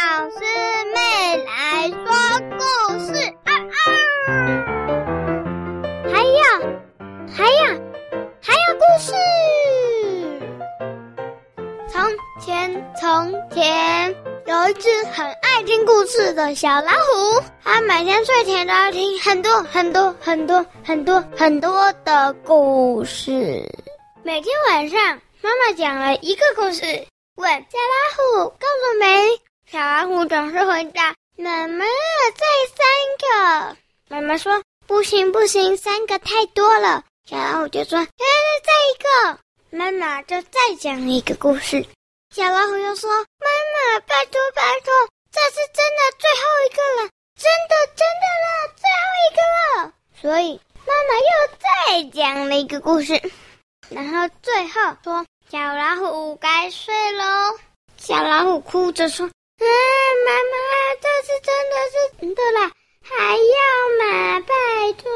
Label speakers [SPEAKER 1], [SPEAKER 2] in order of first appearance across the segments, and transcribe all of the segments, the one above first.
[SPEAKER 1] 小獅妹來說故事啊，啊還要還要還要故事。從前從前有一隻很愛聽故事的小老虎，它每天睡前都要聽很多很多很多很多很多的故事。每天晚上，媽媽講了一個故事，問小老虎，夠了沒？小老虎總是回答：“媽媽，再三個。”媽媽說：“不行，不行，三個太多了。”小老虎就說：“再一個。”媽媽就再講了一個故事。小老虎又說：“媽媽，拜托，拜托，這是真的最後一個了，真的，真的了，最後一個了。”所以媽媽又再講了一個故事， 然後最後說：“小老虎該睡嘍。”小老虎哭着說。嗯、啊，媽媽，這次真的是真的啦，還要買，拜托，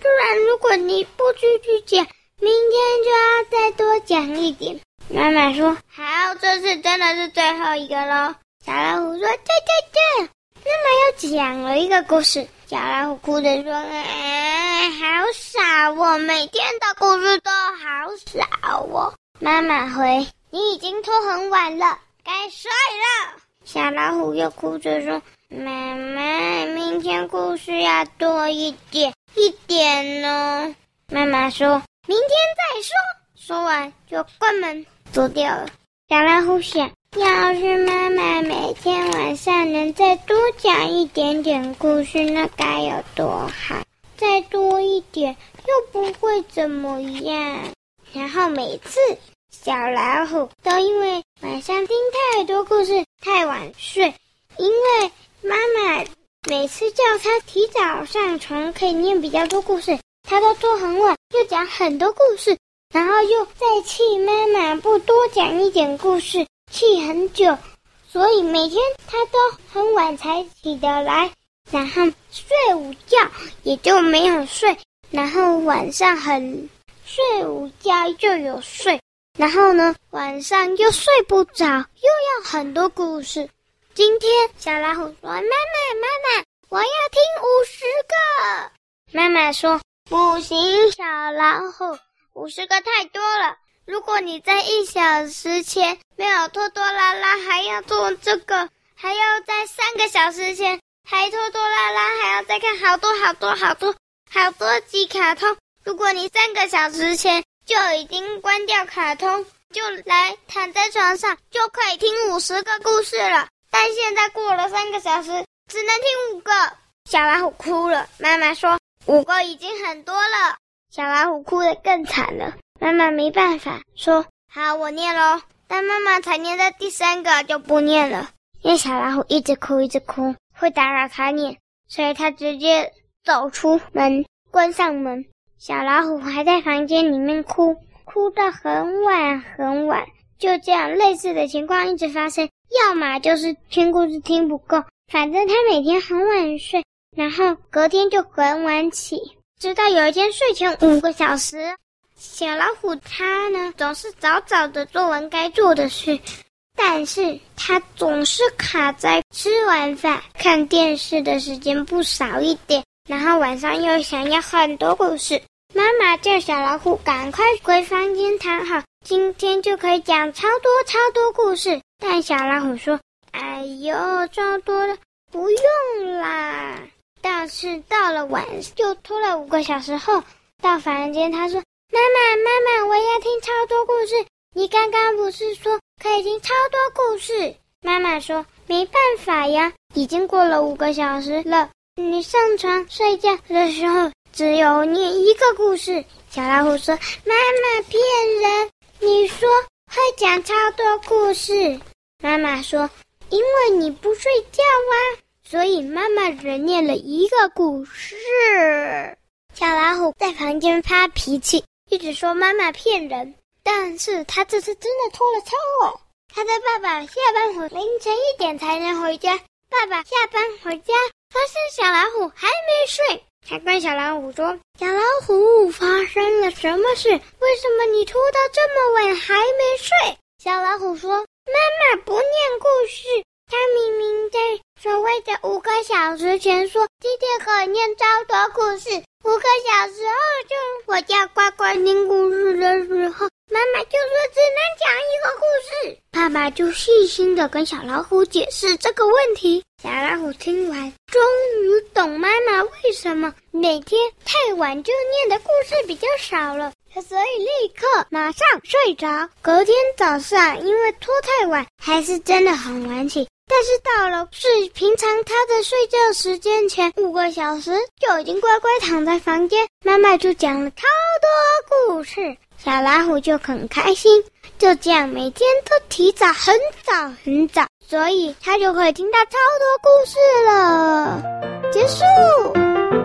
[SPEAKER 1] 不然如果你不繼續講，明天就要再多講一點。媽媽說，好，這次真的是最後一個咯。小老虎說，對對對，媽媽又講了一個故事，小老虎哭着說，哎，好傻我、哦、每天的故事都好傻哦。媽媽回，你已經拖很晚了，該睡了。小老虎又哭着說：“媽媽，明天故事要多一點一點呢。”媽媽說：“明天再說。”說完就關門走掉了。小老虎想：“要是媽媽每天晚上能再多講一點點故事，那該有多好！再多一點又不會怎麼樣。”然後每次。小老虎都因為晚上聽太多故事太晚睡，因為媽媽每次叫他提早上床，可以念比較多故事，他都睡很晚，就講很多故事，然後又再氣媽媽不多講一點故事，氣很久，所以每天他都很晚才起得來，然後睡午覺也就沒有睡，然後晚上很睡午覺就有睡，然後呢，晚上又睡不着，又要很多故事。今天小老虎說：“媽媽，媽媽，我要聽五十個。”媽媽說：“不行，小老虎，五十個太多了。如果你在一小時前沒有拖拖拉拉，還要做這個，還要在三個小時前還拖拖拉拉，還要再看好多好多好多好多集卡通。如果你三個小時前……”就已經關掉卡通，就來躺在床上，就可以聽五十個故事了。但現在過了三個小時，只能聽五個。小老虎哭了。媽媽說：“五個已經很多了。”小老虎哭得更慘了。媽媽沒辦法，說：“好，我念嘍。”但媽媽才念到第三個就不念了，因為小老虎一直哭一直哭，會打擾他念，所以他直接走出門，關上門。小老虎還在房間裡面哭，哭到很晚很晚。就這樣，類似的情況一直發生。要麼就是聽故事聽不夠，反正他每天很晚睡，然後隔天就很晚起。直到有一天睡前五個小時，小老虎他呢總是早早的做完該做的事，但是他總是卡在吃完飯看電視的時間不少一點。然後晚上又想要很多故事，媽媽叫小老虎趕快回房間躺好，今天就可以講超多超多故事。但小老虎說：“哎呦，裝多了，不用啦。”但是到了晚上，就拖了五個小時後，到房間，他說：“媽媽，媽媽，我要聽超多故事。你剛剛不是說可以聽超多故事？”媽媽說：“沒辦法呀，已經過了五個小時了。”你上床睡覺的時候，只有念一個故事。小老虎說：“媽媽騙人！”你說會講超多故事。媽媽說：“因為你不睡覺啊，所以媽媽只念了一個故事。”小老虎在房間發脾氣，一直說媽媽騙人。但是他這次真的偷了錯了超哦。他的爸爸下班回凌晨一點才能回家。爸爸下班回家。發現小老虎還沒睡，才跟小老虎說：“小老虎，發生了什麼事？為什麼你拖到這麼晚還沒睡？”小老虎說：“媽媽不念故事，他明明在所謂的五個小時前說今天可念超多故事，五個小時後就我叫乖乖聽故事的時候，媽媽就說只能講一個故事。”爸爸就細心的跟小老虎解釋這個問題。小老虎聽完，終於懂媽媽為什麼每天太晚就念的故事比較少了，所以立刻馬上睡着。隔天早上啊，因為拖太晚，還是真的很晚起，但是到了是平常他的睡覺時間前五個小時，就已經乖乖躺在房間，媽媽就講了超多故事。小老虎就很開心，就這樣每天都提早很早很早，所以他就可以聽到超多故事了。結束。